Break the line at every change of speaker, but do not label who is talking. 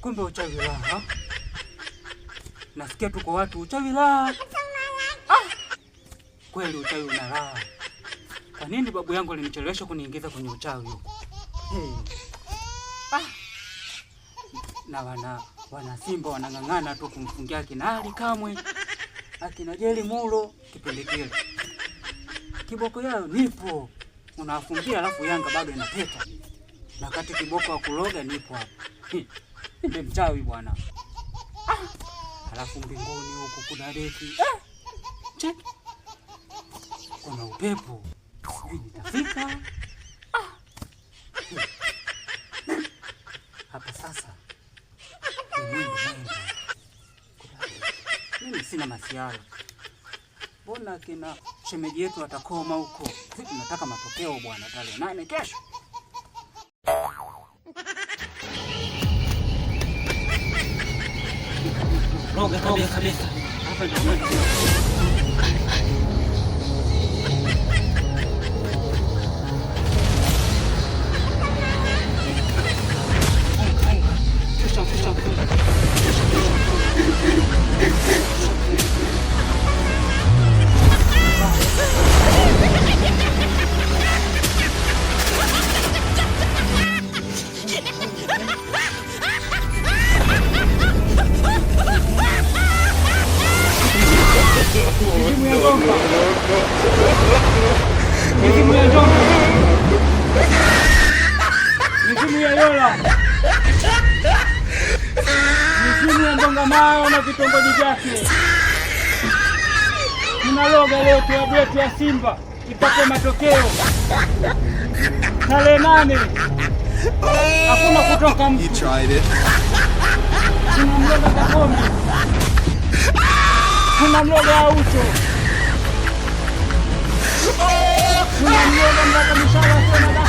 Kumbe uchawi la. Nasikia tuko watu uchawi la. Ah, kweli uchawi una la. Kwa nini babu yangu alinichelewesha kuniingiza kwenye uchawi? Hey. Ah! Na wana wana Simba wanang'ang'ana tu kumfungia kina Kamwe, akina Jeli Mulo kipindi kile. Kiboko yao nipo unawafungia, alafu Yanga bado inapeta wakati kiboko wa kuloga nipo hapa. Ndio mchawi bwana. Ah! Alafu mbinguni huko kuna reki. Ah! Kuna upepo. Nitafika. Ah! Hmm. Hapa sasa. Mimi sina masiara. Mbona kina shemeji yetu atakoma huko? Sisi tunataka matokeo bwana tarehe nane kesho. 别别别！Mizimu ya Yola, mizimu ya Ndongamayo na vitongoji vyake, tunaloga leo klabu yetu ya Simba ipate matokeo tarehe nane. Hakuna kutoka mtu, tunamloga Kakombe kuna mloga wa oh, ah! kuna mloga mlakamishawasema